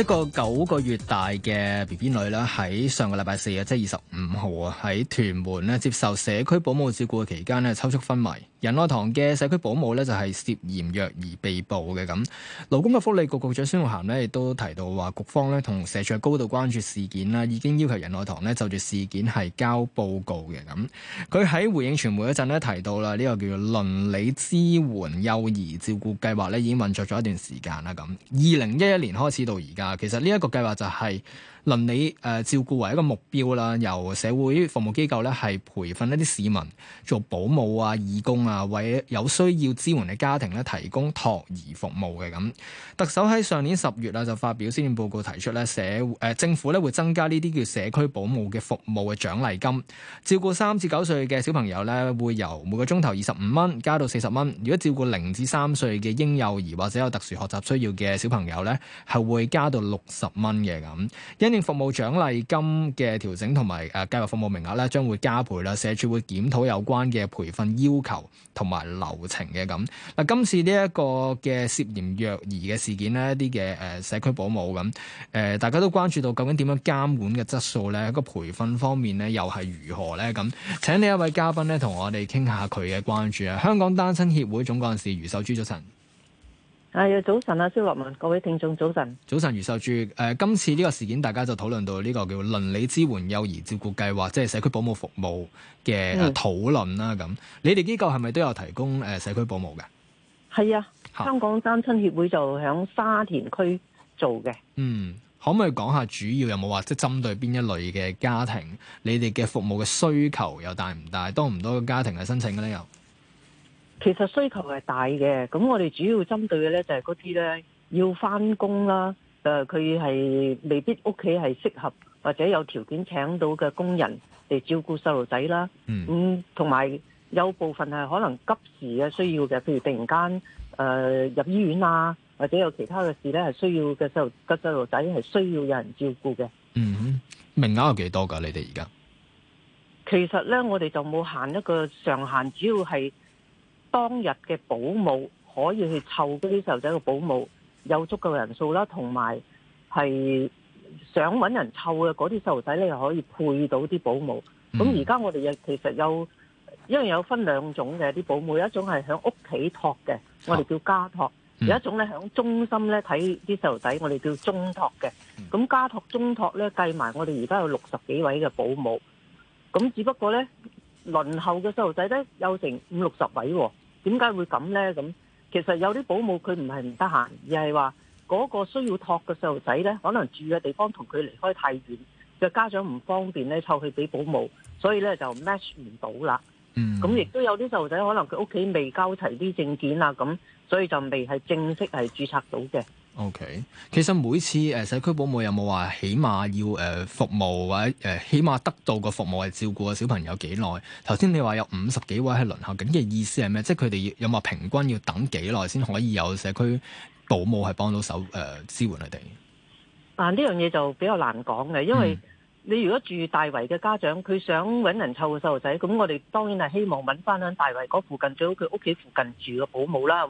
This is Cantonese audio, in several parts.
一個九個月大嘅 B B 女咧，喺上個禮拜四啊，即係二十五號啊，喺屯門咧接受社區保姆照顧嘅期間咧，抽搐昏迷。仁愛堂嘅社區保姆咧就係、是、涉嫌虐兒被捕嘅咁。勞工嘅福利局局長孫玉菡咧亦都提到話，局方咧同社署高度關注事件啦，已經要求仁愛堂咧就住事件係交報告嘅咁。佢喺回應傳媒嗰陣咧提到啦，呢個叫做倫理支援幼兒照顧計劃咧已經運作咗一段時間啦咁，二零一一年開始到而家。其實，呢一個計劃就係、是。倫理誒、呃、照顧為一個目標啦，由社會服務機構咧係培訓一啲市民做保姆啊、義工啊，為有需要支援嘅家庭咧提供托兒服務嘅咁。特首喺上年十月啊就發表先政報告，提出咧社誒、呃、政府咧會增加呢啲叫社區保姆嘅服務嘅獎勵金，照顧三至九歲嘅小朋友咧會由每個鐘頭二十五蚊加到四十蚊，如果照顧零至三歲嘅嬰幼兒或者有特殊學習需要嘅小朋友咧係會加到六十蚊嘅咁服務獎勵金嘅調整同埋誒加入服務名額咧，將會加倍啦。社署會檢討有關嘅培訓要求同埋流程嘅咁。嗱，今次呢一個嘅涉嫌虐兒嘅事件呢一啲嘅誒社區保姆咁，誒大家都關注到究竟點樣監管嘅質素呢？一個培訓方面呢，又係如何呢？咁，請呢一位嘉賓咧同我哋傾下佢嘅關注啊！香港單親協會總幹事余秀珠早晨。係啊，早晨啊，蕭樂文，各位聽眾早晨。早晨，余秀珠。誒、呃，今次呢個事件，大家就討論到呢個叫鄰里支援幼兒照顧計劃，即係社區保姆服務嘅討論啦。咁、嗯啊，你哋機構係咪都有提供誒、呃、社區保姆嘅？係啊，香港單親協會就響沙田區做嘅。嗯，可唔可以講下主要有冇話即係針對邊一類嘅家庭？你哋嘅服務嘅需求又大唔大？多唔多嘅家庭係申請嘅咧？又？其實需求係大嘅，咁我哋主要針對嘅咧就係嗰啲咧要翻工啦，誒佢係未必屋企係適合或者有條件請到嘅工人嚟照顧細路仔啦。嗯。咁同埋有部分係可能急時嘅需要嘅，譬如突然間誒入醫院啊，或者有其他嘅事咧係需要嘅細路嘅細路仔係需要有人照顧嘅。嗯，名額有幾多噶？你哋而家？其實咧，我哋就冇限一個上限，主要係。當日嘅保姆可以去湊嗰啲細路仔嘅保姆，有足夠人數啦，同埋係想揾人湊嘅嗰啲細路仔，你又可以配到啲保姆。咁而家我哋又其實有，因為有分兩種嘅啲保姆，一種係喺屋企託嘅，我哋叫家託；有一種呢喺中心呢睇啲細路仔，我哋叫中託嘅。咁家託、中託呢計埋我哋而家有六十幾位嘅保姆，咁只不過呢輪候嘅細路仔呢有成五六十位喎。點解會咁呢？咁其實有啲保姆佢唔係唔得閒，而係話嗰個需要托嘅細路仔呢，可能住嘅地方同佢離開太遠，就家長唔方便呢，湊去俾保姆，所以呢就 match 唔到啦。嗯，咁亦都有啲細路仔可能佢屋企未交齊啲證件啊，咁所以就未係正式係註冊到嘅。O K，其實每次，誒，社區保姆有冇話起碼要誒服務，或者誒起碼得到個服務係照顧個小朋友幾耐？頭先你話有五十幾位係輪候緊，即係意思係咩？即係佢哋有冇平均要等幾耐先可以有社區保姆係幫到手誒支援佢哋？啊，呢樣嘢就比較難講嘅。因為你如果住大圍嘅家長，佢想揾人湊個細路仔，咁我哋當然係希望揾翻喺大圍嗰附近，最好佢屋企附近住個保姆啦。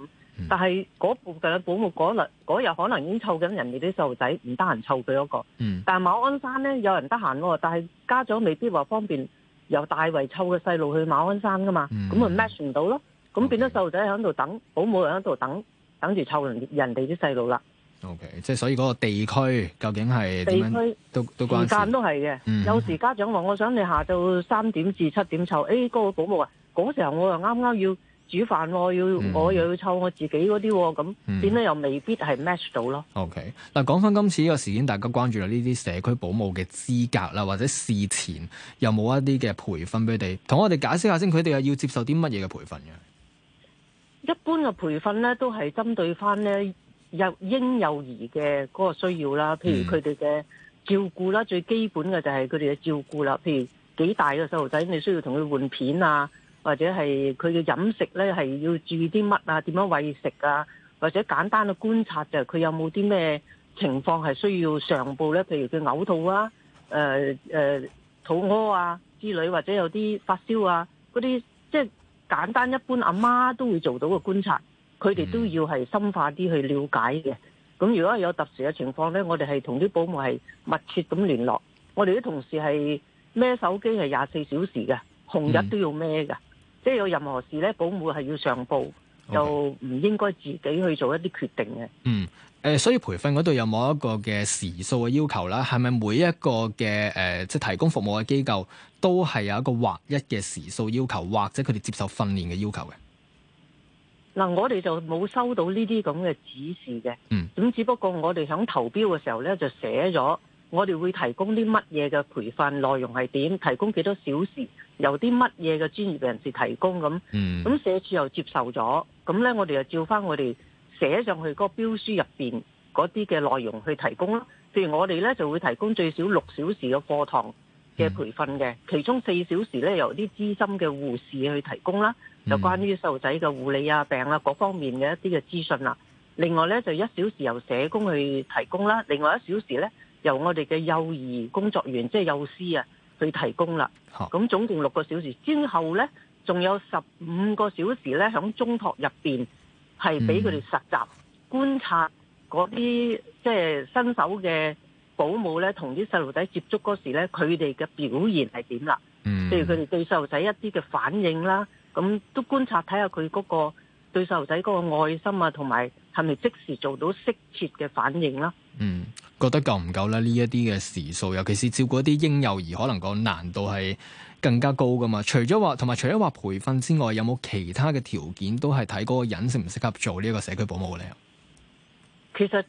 但係嗰部分嘅保姆嗰日嗰日可能已經湊緊人哋啲細路仔，唔得閒湊佢嗰個。但係馬鞍山咧，有人得閒喎，但係家長未必話方便由大圍湊嘅細路去馬鞍山噶嘛，咁咪 match 唔到咯。咁變咗細路仔喺度等，保姆又喺度等，等住湊人哋啲細路啦。OK，即係所以嗰個地區究竟係地區都都關。時間都係嘅，有時家長話：我想你下晝三點至七點湊。誒，嗰個保姆啊，嗰時候我又啱啱要。煮飯我要我、嗯、又要湊我自己嗰啲咁，點解又未必係 match 到咯。OK，嗱講翻今次呢個事件，大家關注啊，呢啲社區保姆嘅資格啦，或者事前有冇一啲嘅培訓俾佢哋？同我哋解釋一下先，佢哋又要接受啲乜嘢嘅培訓嘅？一般嘅培訓咧，都係針對翻咧幼嬰幼兒嘅嗰個需要啦，譬如佢哋嘅照顧啦，嗯、最基本嘅就係佢哋嘅照顧啦。譬如幾大嘅細路仔，你需要同佢換片啊。或者係佢嘅飲食咧，係要注意啲乜啊？點樣餵食啊？或者簡單嘅觀察就係佢有冇啲咩情況係需要上報咧？譬如佢嘔吐啊、誒、呃、誒肚屙啊之類，或者有啲發燒啊嗰啲，即係、就是、簡單一般阿媽，媽都會做到嘅觀察，佢哋都要係深化啲去了解嘅。咁如果係有特殊嘅情況咧，我哋係同啲保姆係密切咁聯絡，我哋啲同事係孭手機係廿四小時嘅，紅日都要孭嘅。即係有任何事咧，保母係要上報，就唔應該自己去做一啲決定嘅。Okay. 嗯，誒、呃，所以培訓嗰度有冇一個嘅時數嘅要求啦？係咪每一個嘅誒，即、呃、係提供服務嘅機構都係有一個劃一嘅時數要求，或者佢哋接受訓練嘅要求嘅？嗱、呃，我哋就冇收到呢啲咁嘅指示嘅。嗯，咁只不過我哋響投標嘅時候咧，就寫咗。我哋會提供啲乜嘢嘅培訓內容係點？提供幾多小時？由啲乜嘢嘅專業人士提供咁？咁社署又接受咗，咁呢我哋又照翻我哋寫上去嗰個標書入邊嗰啲嘅內容去提供咯。譬如我哋呢就會提供最少六小時嘅課堂嘅培訓嘅，其中四小時呢由啲資深嘅護士去提供啦，就關於細路仔嘅護理啊、病啊各方面嘅一啲嘅資訊啦。另外呢就一小時由社工去提供啦，另外一小時呢，由我哋嘅幼兒工作員，即係幼師啊，去提供啦。咁總共六個小時，之後呢，仲有十五個小時呢，響中託入邊係俾佢哋實習、嗯、觀察嗰啲即係新手嘅保姆呢，同啲細路仔接觸嗰時呢，佢哋嘅表現係點啦？嗯、譬如佢哋對細路仔一啲嘅反應啦，咁都觀察睇下佢嗰個對細路仔嗰個愛心啊，同埋係咪即時做到適切嘅反應啦？嗯。覺得夠唔夠咧？呢一啲嘅時數，尤其是照顧一啲嬰幼兒，可能個難度係更加高噶嘛。除咗話，同埋除咗話培訓之外，有冇其他嘅條件都係睇嗰個人適唔適合做呢一個社區保姆咧？其實，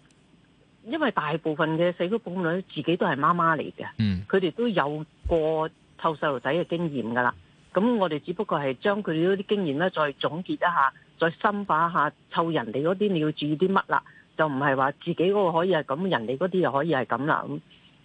因為大部分嘅社區保姆咧，自己都係媽媽嚟嘅，嗯，佢哋都有過湊細路仔嘅經驗噶啦。咁我哋只不過係將佢哋嗰啲經驗咧，再總結一下，再深化一下湊人哋嗰啲，你要注意啲乜啦。又唔係話自己嗰個可以係咁，人哋嗰啲又可以係咁啦。咁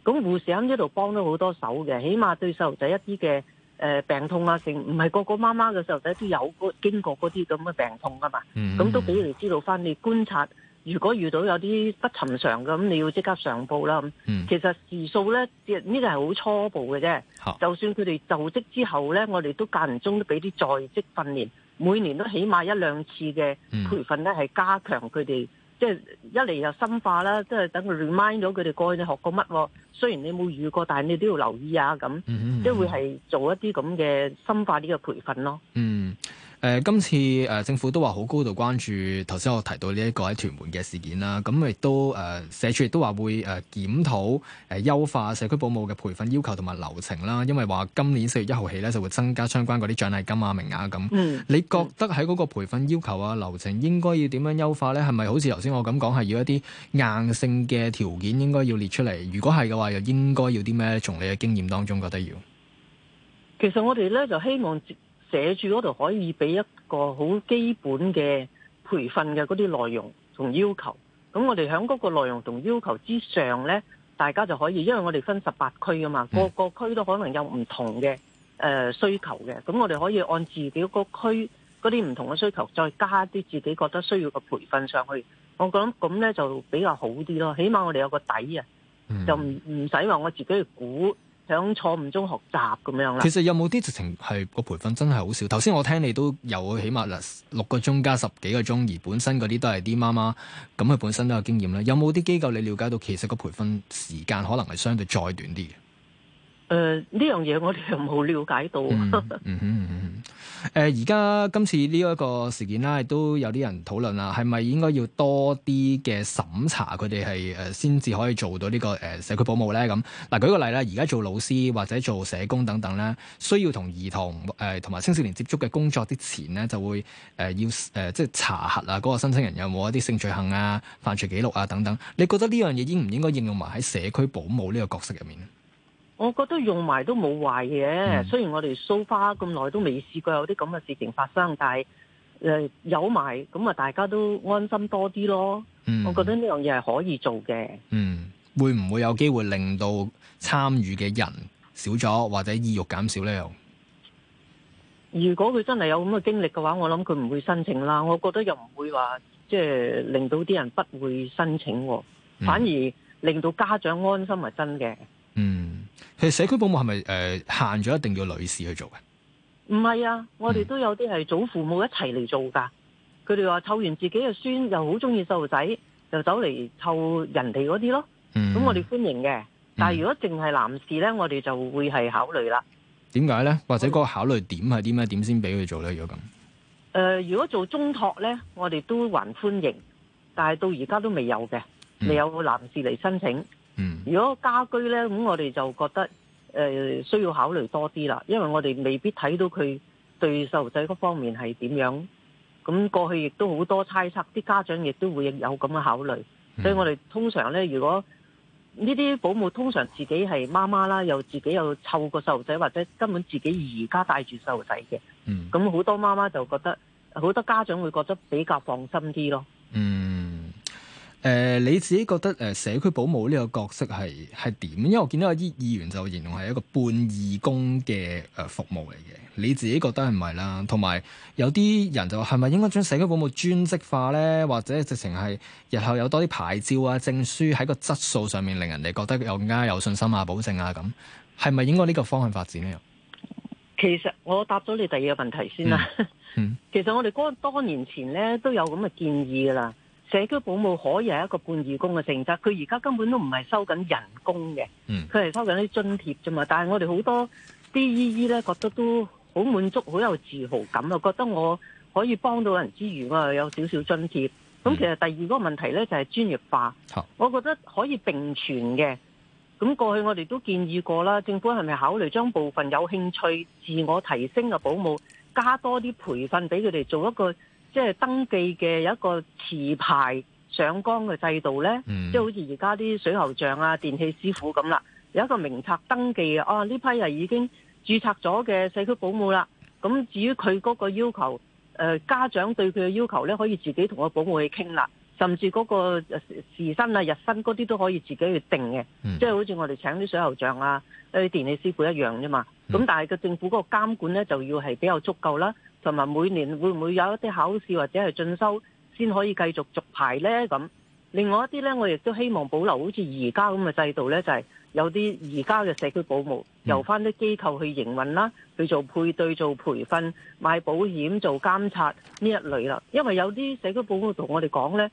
咁護士喺呢度幫咗好多手嘅，起碼對細路仔一啲嘅誒病痛啊，成唔係個個媽媽嘅細路仔都有過經過嗰啲咁嘅病痛噶嘛。咁、mm hmm. 都俾佢哋知道翻，你觀察如果遇到有啲不尋常嘅，咁你要即刻上報啦。Mm hmm. 其實時數咧，呢、這個係好初步嘅啫。Oh. 就算佢哋就職之後咧，我哋都間唔中都俾啲在職訓練，每年都起碼一兩次嘅培訓咧，係加強佢哋。即係一嚟又深化啦，即係等佢 remind 咗佢哋過去你學過乜，雖然你冇遇過，但係你都要留意啊，咁，即係會係做一啲咁嘅深化啲嘅培訓咯。嗯。誒、呃，今次誒、呃、政府都話好高度關注，頭先我提到呢一個喺屯門嘅事件啦。咁亦都誒、呃、社署亦都話會誒檢討誒優化社區保姆嘅培訓要求同埋流程啦。因為話今年四月一號起呢，就會增加相關嗰啲獎勵金啊名額咁。嗯、你覺得喺嗰個培訓要求啊流程應該要點樣優化呢？係咪好似頭先我咁講係要一啲硬性嘅條件應該要列出嚟？如果係嘅話，又應該要啲咩？從你嘅經驗當中覺得要？其實我哋咧就希望。寫住嗰度可以俾一個好基本嘅培訓嘅嗰啲內容同要求，咁我哋喺嗰個內容同要求之上呢，大家就可以，因為我哋分十八區啊嘛，個個區都可能有唔同嘅誒、呃、需求嘅，咁我哋可以按自己個區嗰啲唔同嘅需求，再加啲自己覺得需要嘅培訓上去，我諗咁呢就比較好啲咯，起碼我哋有個底啊，就唔唔使話我自己去估。喺錯誤中學習咁樣啦。其實有冇啲直情係個培訓真係好少？頭先我聽你都有，起碼六個鐘加十幾個鐘，而本身嗰啲都係啲媽媽，咁佢本身都有經驗啦。有冇啲機構你了解到，其實個培訓時間可能係相對再短啲？誒，呢樣嘢我哋又冇了解到。嗯嗯嗯嗯。誒、嗯、而、嗯、家、呃、今次呢一個事件啦，亦都有啲人討論啦，係咪應該要多啲嘅審查佢哋係誒先至可以做到、這個呃、呢個誒社區保姆咧？咁嗱、呃，舉個例啦，而家做老師或者做社工等等咧，需要同兒童誒同埋青少年接觸嘅工作之前咧，就會誒要誒即係查核啊，嗰、那個申請人有冇一啲性罪行啊、犯罪記錄啊等等。你覺得呢樣嘢應唔應該應用埋喺社區保姆呢個角色入面？我覺得用埋都冇壞嘅，嗯、雖然我哋 so far 咁耐都未試過有啲咁嘅事情發生，但係誒、呃、有埋咁啊，大家都安心多啲咯。嗯、我覺得呢樣嘢係可以做嘅。嗯，會唔會有機會令到參與嘅人少咗，或者意欲減少呢？又如果佢真係有咁嘅經歷嘅話，我諗佢唔會申請啦。我覺得又唔會話即係令到啲人不會申請，嗯、反而令到家長安心係真嘅。嗯。其實社區保姆係咪誒限咗一定要女士去做嘅？唔係啊，我哋都有啲係祖父母一齊嚟做噶。佢哋話湊完自己嘅孫又好中意細路仔，就走嚟湊人哋嗰啲咯。咁、嗯、我哋歡迎嘅。但係如果淨係男士咧，我哋就會係考慮啦。點解咧？或者個考慮點係點咩？點先俾佢做咧？如果咁誒、呃，如果做中託咧，我哋都還歡迎，但係到而家都未有嘅，未有男士嚟申請。嗯、如果家居呢，咁我哋就覺得誒、呃、需要考慮多啲啦，因為我哋未必睇到佢對細路仔嗰方面係點樣，咁過去亦都好多猜測，啲家長亦都會有咁嘅考慮，嗯、所以我哋通常呢，如果呢啲保姆通常自己係媽媽啦，又自己又湊個細路仔，或者根本自己而家帶住細路仔嘅，嗯、咁好多媽媽就覺得，好多家長會覺得比較放心啲咯。嗯。誒、呃，你自己覺得誒社區保姆呢個角色係係點？因為我見到有啲議員就形容係一個半義工嘅誒服務嚟嘅，你自己覺得係唔係啦？同埋有啲人就話係咪應該將社區保姆專職化呢？或者直情係日後有多啲牌照啊、證書喺個質素上面令人哋覺得有更加有信心啊、保證啊咁，係咪應該呢個方向發展呢？其實我答咗你第二個問題先啦。嗯嗯、其實我哋、嗰個、多年前呢都有咁嘅建議噶啦。社區保姆可以係一個半義工嘅性質，佢而家根本都唔係收緊人工嘅，佢係收緊啲津貼啫嘛。但係我哋好多 DEE 咧，覺得都好滿足、好有自豪感啊，覺得我可以幫到人之餘，我又有少少津貼。咁其實第二個問題咧，就係、是、專業化。我覺得可以並存嘅。咁過去我哋都建議過啦，政府係咪考慮將部分有興趣、自我提升嘅保姆，加多啲培訓俾佢哋，做一個？即係登記嘅有一個持牌上崗嘅制度咧，即係、嗯、好似而家啲水喉匠啊、電器師傅咁啦，有一個名冊登記啊，呢批人已經註冊咗嘅社區保姆啦。咁至於佢嗰個要求，誒、呃、家長對佢嘅要求咧，可以自己同個保姆去傾啦。甚至嗰個時薪啊、日薪嗰啲都可以自己去定嘅。即係、嗯、好似我哋請啲水喉匠啊、電器師傅一樣啫嘛。咁、嗯、但係個政府嗰個監管咧，就要係比較足夠啦。同埋每年會唔會有一啲考試或者係進修先可以繼續續牌呢？咁另外一啲呢，我亦都希望保留好似而家咁嘅制度呢，就係、是、有啲而家嘅社區保姆由返啲機構去營運啦，去做配對、做培訓、買保險、做監察呢一類啦。因為有啲社區保姆同我哋講呢，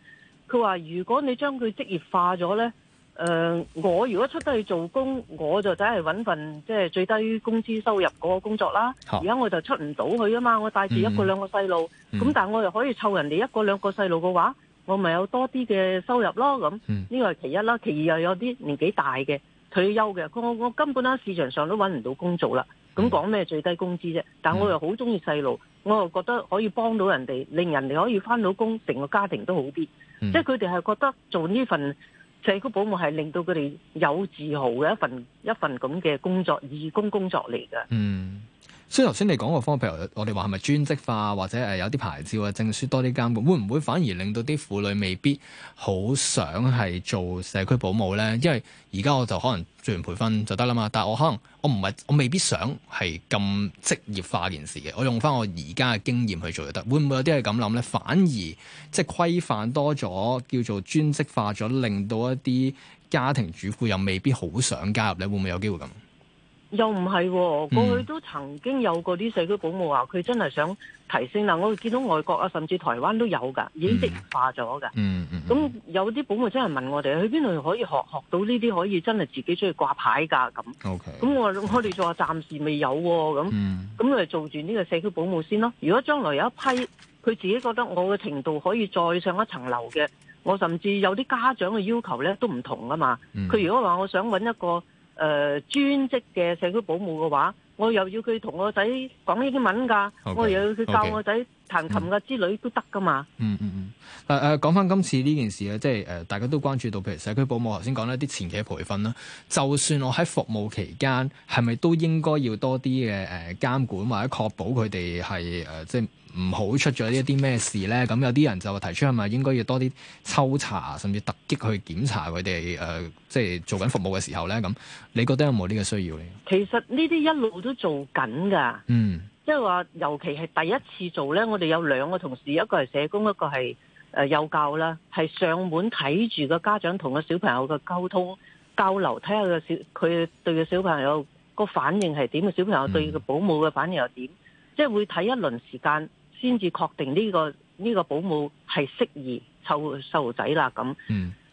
佢話如果你將佢職業化咗呢。誒、呃，我如果出得去做工，我就淨係揾份即係最低工資收入嗰個工作啦。而家、oh. 我就出唔到去啊嘛，我帶住一個兩個細路，咁、mm hmm. 但我又可以湊人哋一個兩個細路嘅話，我咪有多啲嘅收入咯。咁呢個係其一啦，其二又有啲年紀大嘅退休嘅，我我根本喺市場上都揾唔到工做啦。咁講咩最低工資啫？但我又好中意細路，我又覺得可以幫到人哋，令人哋可以返到工，成個家庭都好啲。Mm hmm. 即係佢哋係覺得做呢份。社區保姆係令到佢哋有自豪嘅一份，一份咁嘅工作，義工工作嚟㗎。嗯。所以頭先你講個方法，譬如我哋話係咪專職化或者有啲牌照啊、者證書多啲監管，會唔會反而令到啲婦女未必好想係做社區保姆咧？因為而家我就可能做完培訓就得啦嘛，但係我可能我唔係我未必想係咁職業化件事嘅，我用翻我而家嘅經驗去做就得。會唔會有啲係咁諗咧？反而即係規範多咗，叫做專職化咗，令到一啲家庭主婦又未必好想加入咧。會唔會有機會咁？又唔係、哦，過去都曾經有過啲社區保姆話佢真係想提升啦，我見到外國啊，甚至台灣都有㗎，已經職業化咗㗎。咁、嗯嗯嗯、有啲保姆真係問我哋，去邊度可以學學到呢啲可以真係自己出去掛牌㗎咁。O K。咁 Okay, 我我哋就話暫時未有喎咁。咁佢、嗯、做住呢個社區保姆先咯。如果將來有一批佢自己覺得我嘅程度可以再上一層樓嘅，我甚至有啲家長嘅要求呢都唔同啊嘛。佢、嗯、如果話我想揾一個。誒，專職嘅社區保姆嘅話，我又要佢同我仔講英文噶，Okay. 我又要佢教我仔。Okay. 彈琴嘅之類都得噶嘛？嗯嗯嗯。講、嗯、翻、嗯呃、今次呢件事咧，即、呃、大家都關注到，譬如社區保姆頭先講一啲前期培訓啦。就算我喺服務期間，係咪都應該要多啲嘅誒監管，或者確保佢哋係即係唔好出咗一啲咩事咧？咁有啲人就提出係咪應該要多啲抽查，甚至突擊去檢查佢哋、呃、即係做緊服務嘅時候咧？咁你覺得有冇呢個需要咧？其實呢啲一路都做緊㗎。嗯。即係話，尤其係第一次做呢，我哋有兩個同事，一個係社工，一個係呃、幼教啦，係上門睇住個家長同個小朋友嘅溝通交流，睇下個小佢對個小朋友個反應係點，個小朋友對保、嗯、個保姆嘅反應又點，即係會睇一輪時間先至確定呢個呢個保姆係適宜湊細路仔啦咁。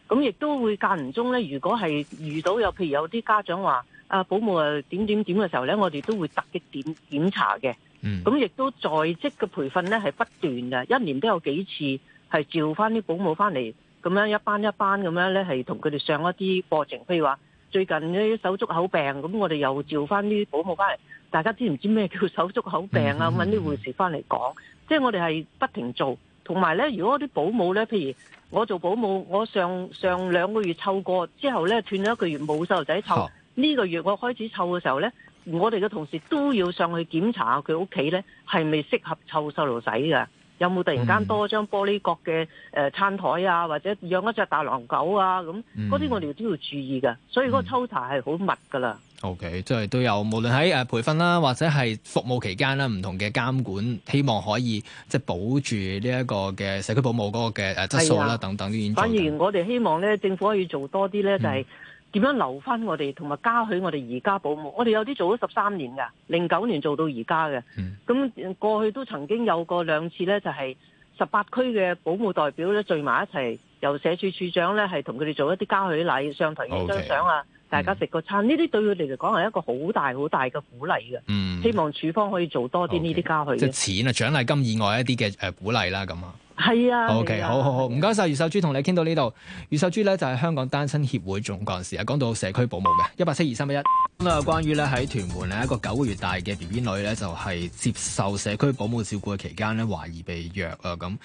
咁亦、嗯、都會間唔中呢。如果係遇到有譬如有啲家長話。啊，保姆啊，點點點嘅時候咧，我哋都會突擊檢檢查嘅。嗯，咁亦都在職嘅培訓咧，係不斷嘅，一年都有幾次，係召翻啲保姆翻嚟，咁樣一班一班咁樣咧，係同佢哋上一啲課程。譬如話最近啲手足口病，咁我哋又召翻啲保姆翻嚟，大家知唔知咩叫手足口病啊？咁揾啲護士翻嚟講，嗯嗯嗯即係我哋係不停做。同埋咧，如果啲保姆咧，譬如我做保姆，我上上兩個月湊過之後咧，斷咗一個月冇細路仔湊。呢個月我開始湊嘅時候咧，我哋嘅同事都要上去檢查下佢屋企咧，係咪適合湊細路仔嘅？有冇突然間多張玻璃角嘅誒餐台啊，或者養一隻大狼狗啊？咁嗰啲我哋都要注意嘅。所以嗰個抽查係好密㗎啦。OK，即係都有，無論喺誒培訓啦，或者係服務期間啦，唔同嘅監管，希望可以即係保住呢一個嘅社區保母嗰個嘅質素啦，等等啲嘢。反而我哋希望咧，政府可以做多啲咧，就係。點樣留翻我哋，同埋嘉許我哋而家保姆？我哋有啲做咗十三年噶，零九年做到而家嘅。咁過去都曾經有過兩次呢，就係十八區嘅保姆代表呢聚埋一齊，由社署署長呢係同佢哋做一啲嘉許禮，上台影張相啊，okay, 大家食個餐。呢啲、um, 對佢哋嚟講係一個好大好大嘅鼓勵嘅。Um, okay, 希望署方可以做多啲呢啲嘉許。Okay, 即係錢啊，獎勵金以外一啲嘅誒鼓勵啦，咁啊。係啊，OK，是啊好好好，唔該晒，余秀珠同你傾到呢度。余秀珠咧就係、是、香港單親協會總幹事啊，講到社區保姆嘅一八七二三一一。咁啊，關於咧喺屯門咧一個九個月大嘅 B B 女咧就係接受社區保姆照顧嘅期間咧懷疑被虐啊咁。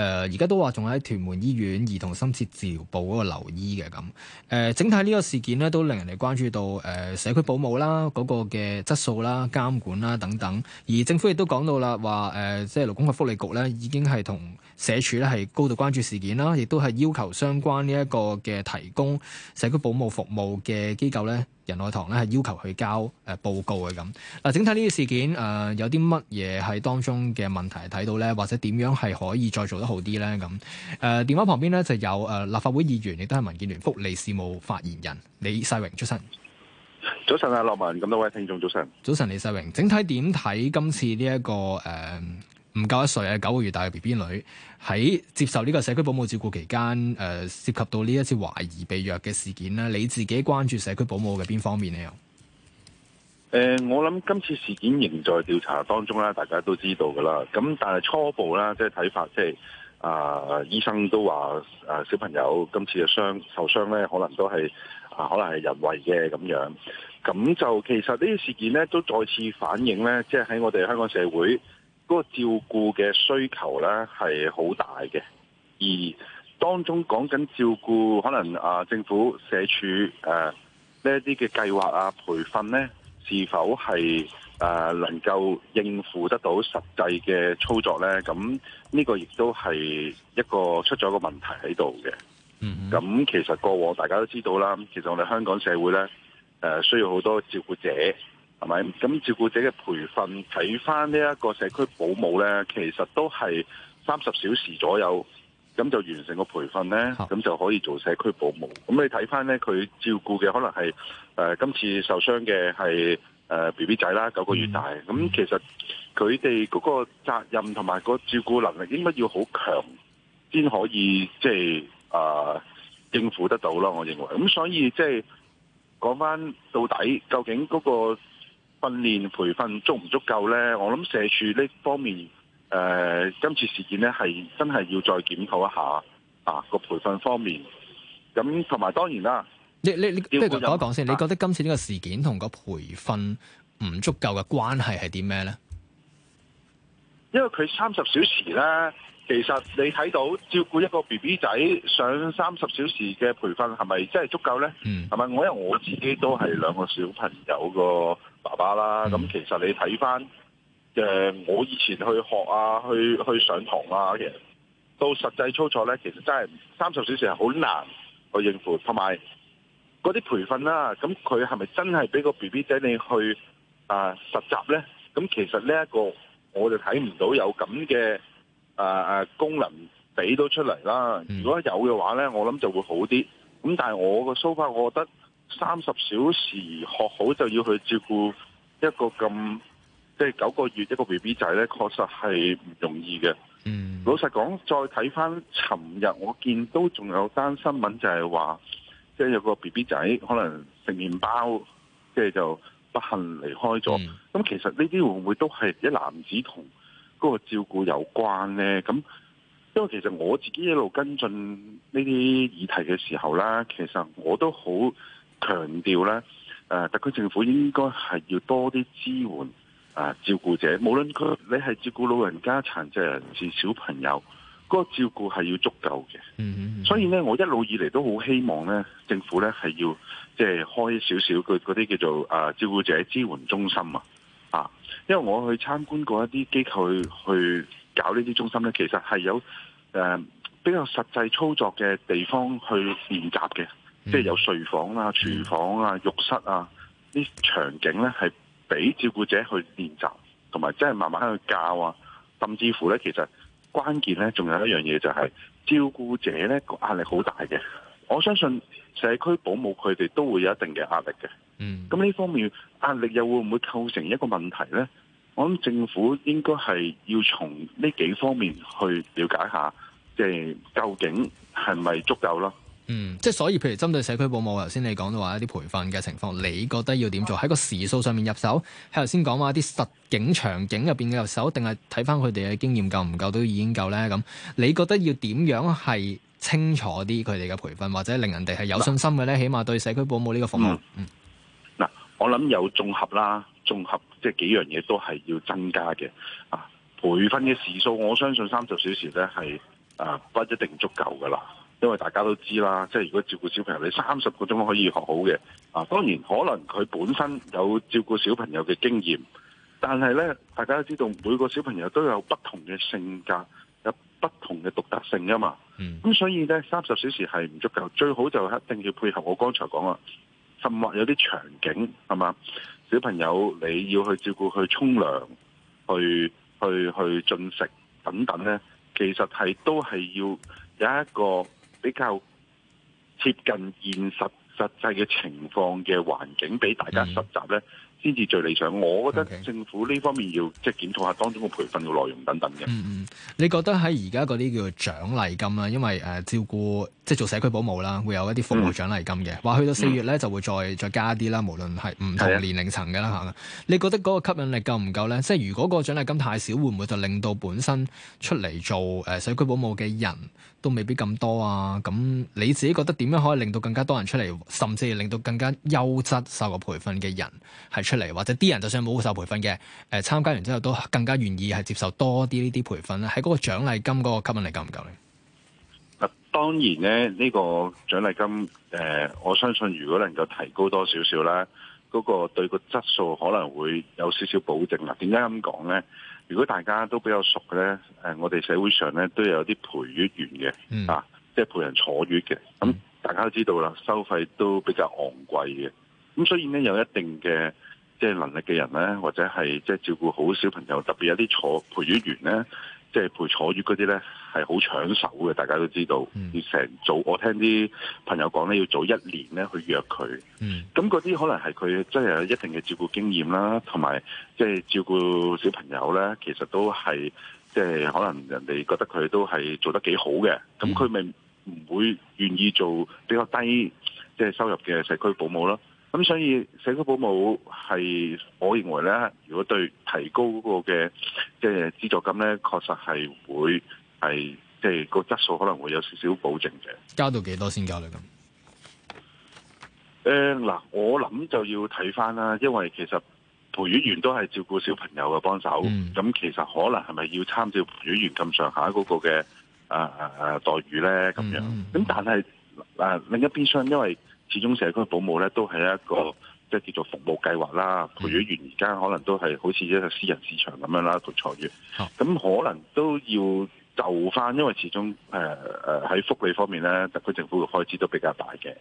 誒而家都話仲喺屯門醫院兒童深切治療部嗰個留醫嘅，咁，誒、呃、整體呢個事件呢，都令人哋關注到、呃、社區保姆啦嗰、那個嘅質素啦監管啦等等，而政府亦都講到啦話、呃、即係勞工及福利局呢已經係同社署呢係高度關注事件啦，亦都係要求相關呢一個嘅提供社區保姆服務嘅機構呢。仁愛堂咧係要求佢交誒報告嘅咁嗱，整體呢啲事件誒、呃、有啲乜嘢喺當中嘅問題睇到咧，或者點樣係可以再做得好啲咧咁？誒、呃、電話旁邊咧就有誒、呃、立法會議員，亦都係民建聯福利事務發言人李世榮、啊，早晨。早晨啊，羅文咁多位聽眾，早晨。早晨，李世榮，整體點睇今次呢、這、一個誒？呃唔夠一歲啊！九個月大嘅 BB 女喺接受呢個社區保姆照顧期間，誒、呃、涉及到呢一次懷疑被虐嘅事件咧，你自己關注社區保姆嘅邊方面呢？誒、呃，我諗今次事件仍在調查當中啦，大家都知道噶啦。咁但係初步咧，即係睇法，即係啊、呃，醫生都話啊、呃，小朋友今次嘅傷受傷咧，可能都係啊，可能係人為嘅咁樣。咁就其實呢啲事件咧，都再次反映咧，即係喺我哋香港社會。嗰個照顧嘅需求咧係好大嘅，而當中講緊照顧，可能啊政府社署誒呢一啲嘅計劃啊培訓咧，是否係誒、啊、能夠應付得到實際嘅操作咧？咁呢個亦都係一個出咗個問題喺度嘅。嗯、mm，咁、hmm. 其實過往大家都知道啦，其實我哋香港社會咧誒、啊、需要好多照顧者。係咪？咁照顧者嘅培訓，睇翻呢一個社區保姆呢，其實都係三十小時左右，咁就完成個培訓呢，咁就可以做社區保姆。咁你睇翻呢，佢照顧嘅可能係誒、呃、今次受傷嘅係誒、呃、B B 仔啦，九個月大。咁、嗯、其實佢哋嗰個責任同埋個照顧能力應該要好強，先可以即係誒應付得到囉。我認為。咁所以即係、就是、講翻到底，究竟嗰、那個？訓練培訓足唔足夠呢？我諗社署呢方面，誒、呃，今次事件呢係真係要再檢討一下啊，個培訓方面。咁同埋當然啦，你你你，不如講一講先。啊、你覺得今次呢個事件同個培訓唔足夠嘅關係係啲咩呢？因為佢三十小時呢。其實你睇到照顧一個 B B 仔上三十小時嘅培訓係咪真係足夠呢？係咪我因為我自己都係兩個小朋友個爸爸啦。咁、mm. 其實你睇翻、呃、我以前去學啊，去去上堂啊，其實，到實際操作呢，其實真係三十小時係好難去應付，同埋嗰啲培訓啦、啊。咁佢係咪真係俾個 B B 仔你去、啊、實習呢？咁其實呢、呢、一個我就睇唔到有咁嘅。啊，啊功能俾到出嚟啦！如果有嘅話咧，我諗就會好啲。咁但係我個 so far，我覺得三十小時學好就要去照顧一個咁即係九個月一個 B B 仔咧，確實係唔容易嘅。嗯，mm. 老實講，再睇翻尋日我見都仲有單新聞就係話，即係有個 B B 仔可能食麵包，即係就不幸離開咗。咁、mm. 其實呢啲會唔會都係一男子同？嗰個照顧有關呢？咁因為其實我自己一路跟進呢啲議題嘅時候啦，其實我都好強調咧，誒、啊、特區政府應該係要多啲支援啊照顧者，無論佢你係照顧老人家、殘疾人士、小朋友，嗰、嗰個照顧係要足夠嘅。嗯嗯，所以咧我一路以嚟都好希望咧，政府咧係要即係開少少嗰啲叫做誒、啊、照顧者支援中心啊。因為我去參觀過一啲機構去，去搞呢啲中心咧，其實係有誒、呃、比較實際操作嘅地方去練習嘅，即係有睡房啊、廚房啊、浴室啊啲場景咧，係俾照顧者去練習，同埋即係慢慢去教啊。甚至乎咧，其實關鍵咧，仲有一樣嘢就係、是、照顧者咧個壓力好大嘅。我相信社區保姆佢哋都會有一定嘅壓力嘅。嗯，咁呢方面壓力又會唔會構成一個問題咧？我諗政府應該係要從呢幾方面去了解一下，即係究竟係咪足夠咯？嗯，即係所以，譬如針對社區保姆，頭先你講到話一啲培訓嘅情況，你覺得要點做？喺個時數上面入手，喺頭先講話啲實景場景入邊嘅入手，定係睇翻佢哋嘅經驗夠唔夠都已經夠呢。咁你覺得要點樣係清楚啲佢哋嘅培訓，或者令人哋係有信心嘅呢？嗯，起碼對社區保姆呢個服務，嗱，嗯，嗯，我諗有綜合啦。綜合即係幾樣嘢都係要增加嘅啊！培訓嘅時數，我相信三十小時咧係啊，不一定足夠㗎喇，因為大家都知啦，即係如果照顧小朋友，你三十個鐘可以學好嘅啊。當然可能佢本身有照顧小朋友嘅經驗，但係咧大家都知道每個小朋友都有不同嘅性格，有不同嘅獨特性噶嘛。咁、嗯、所以咧三十小時係唔足夠，最好就一定要配合我剛才講啊，甚或有啲場景係嘛。小朋友，你要去照顧佢沖涼，去去去，去進食等等呢，其實係都係要有一個比較接近現實實際嘅情況嘅環境俾大家實習呢。先至最理想，我覺得政府呢方面要即係檢討下當中嘅培訓嘅內容等等嘅。嗯嗯，你覺得喺而家嗰啲叫獎勵金啊，因為誒、呃、照顧即係做社區保姆啦，會有一啲服務獎勵金嘅。話、嗯、去到四月咧、嗯、就會再再加啲啦，無論係唔同年齡層嘅啦吓，的的你覺得嗰個吸引力夠唔夠咧？即係如果個獎勵金太少，會唔會就令到本身出嚟做誒社區保姆嘅人都未必咁多啊？咁你自己覺得點樣可以令到更加多人出嚟，甚至令到更加優質受過培訓嘅人係？是出嚟或者啲人就算冇好受培訓嘅，參、呃、加完之後都更加願意係接受多啲呢啲培訓啦，喺嗰個獎勵金嗰個吸引力夠唔夠咧？嗱、啊，當然咧呢、這個獎勵金，誒、呃，我相信如果能夠提高多少少啦嗰、那個對個質素可能會有少少保證啦。點解咁講咧？如果大家都比較熟咧，誒、呃，我哋社會上咧都有啲陪月員嘅，嗯、啊，即、就、係、是、陪人坐月嘅。咁大家都知道啦，嗯、收費都比較昂貴嘅。咁所以咧有一定嘅。即係能力嘅人咧，或者係即係照顧好小朋友，特別有啲坐陪護員咧，即係陪坐月嗰啲咧，係好搶手嘅。大家都知道，要成早，我聽啲朋友講咧，要早一年咧去約佢。咁嗰啲可能係佢真係有一定嘅照顧經驗啦，同埋即係照顧小朋友咧，其實都係即係可能人哋覺得佢都係做得幾好嘅。咁佢咪唔會願意做比較低即係、就是、收入嘅社區保姆咯？咁所以社區保姆係，我認為咧，如果對提高嗰個嘅嘅資助金咧，確實係會係即係個質素可能會有少少保證嘅。加到幾多先加嚟咁？誒嗱、呃，我諗就要睇翻啦，因為其實陪護員都係照顧小朋友嘅幫手，咁、嗯、其實可能係咪要參照陪護員咁上下嗰個嘅啊、呃、待遇咧咁樣？咁、嗯、但係、呃、另一邊廂，因為始終社區保姆咧都係一個即係叫做服務計劃啦，培護員而家可能都係好似一個私人市場咁樣啦，讀錯語，咁可能都要就返，因為始終誒誒喺福利方面咧，特區政府嘅開支都比較大嘅，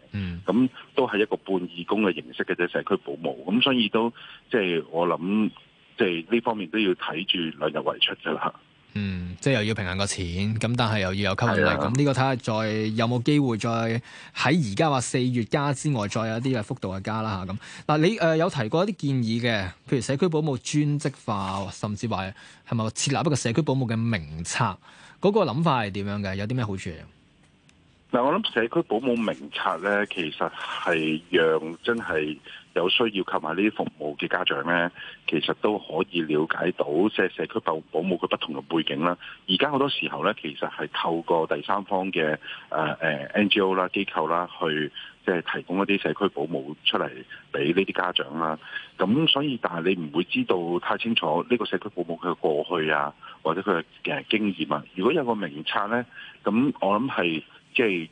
咁都係一個半義工嘅形式嘅啫，社區保姆，咁所以都即係我諗，即係呢方面都要睇住量入為出㗎啦。嗯，即係又要平衡個錢，咁但係又要有吸引力，咁呢的個睇下再有冇機會再喺而家話四月加之外，再有一啲嘅幅度嘅加啦吓咁。嗱，你、呃、誒有提過一啲建議嘅，譬如社區保姆專職化，甚至話係咪設立一個社區保姆嘅名冊？嗰、那個諗法係點樣嘅？有啲咩好處？嗱，我諗社區保姆名冊咧，其實係讓真係。有需要購買呢啲服務嘅家長呢，其實都可以了解到即係社區保保姆佢不同嘅背景啦。而家好多時候呢，其實係透過第三方嘅誒誒 NGO 啦，機構啦，去即係提供一啲社區保姆出嚟俾呢啲家長啦。咁所以，但係你唔會知道太清楚呢個社區保姆佢嘅過去啊，或者佢嘅經驗啊。如果有個名冊呢，咁我諗係即係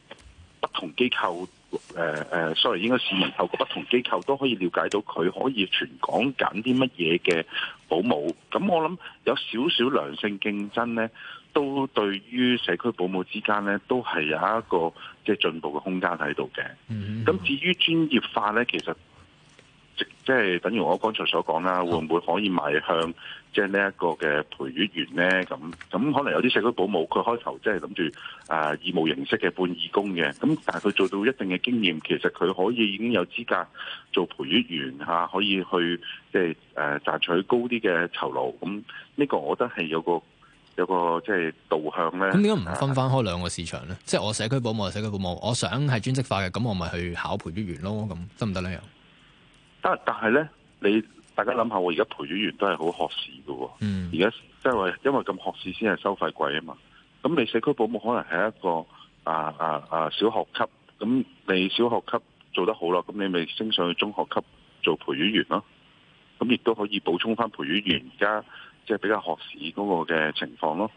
不同機構。誒誒，sorry，應該市民透過不同機構都可以了解到，佢可以全港揀啲乜嘢嘅保姆。咁我諗有少少良性競爭咧，都對於社區保姆之間咧，都係有一個即係進步嘅空間喺度嘅。咁至於專業化咧，其實。即係等於我剛才所講啦，會唔會可以邁向即係呢一個嘅培育員咧？咁咁可能有啲社區保姆佢開頭即係諗住誒義務形式嘅半義工嘅，咁但係佢做到一定嘅經驗，其實佢可以已經有資格做培育員嚇，可以去即係誒賺取高啲嘅酬勞。咁、這、呢個我覺得係有個有個即係導向咧。咁點解唔分翻開兩個市場咧？即係我社區保姆係社區保姆，我想係專職化嘅，咁我咪去考培育員咯。咁得唔得咧？但係呢，你大家諗下，我而家陪月員都係好學士噶，而家即係話，因為咁學士先係收費貴啊嘛。咁你社區保姆可能係一個啊啊小學級，咁你小學級做得好啦，咁你咪升上去中學級做陪月員咯。咁亦都可以補充翻陪月員而家即係比較學士嗰個嘅情況咯。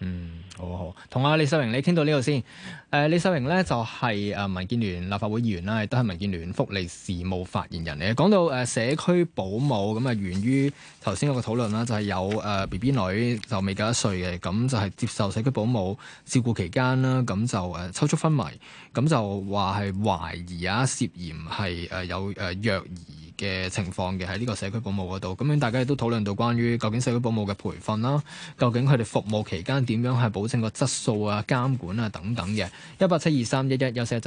嗯。Mm. 好好，同阿李世榮你傾到呢度先、呃。李世榮咧就係、是、誒民建聯立法會議員啦，亦都係民建聯福利事務發言人嚟。講到、呃、社區保姆咁啊，就源於頭先嗰個討論啦，就係、是、有誒 B B 女就未夠一歲嘅，咁就係接受社區保姆照顧期間啦，咁就抽搐、呃、昏迷，咁就話係懷疑啊，涉嫌係有誒虐兒。呃呃嘅情況嘅喺呢個社區保姆度，咁樣大家亦都討論到關於究竟社區保姆嘅培訓啦，究竟佢哋服務期間點樣係保證個質素啊、監管啊等等嘅。一八七二三一一休息一陣。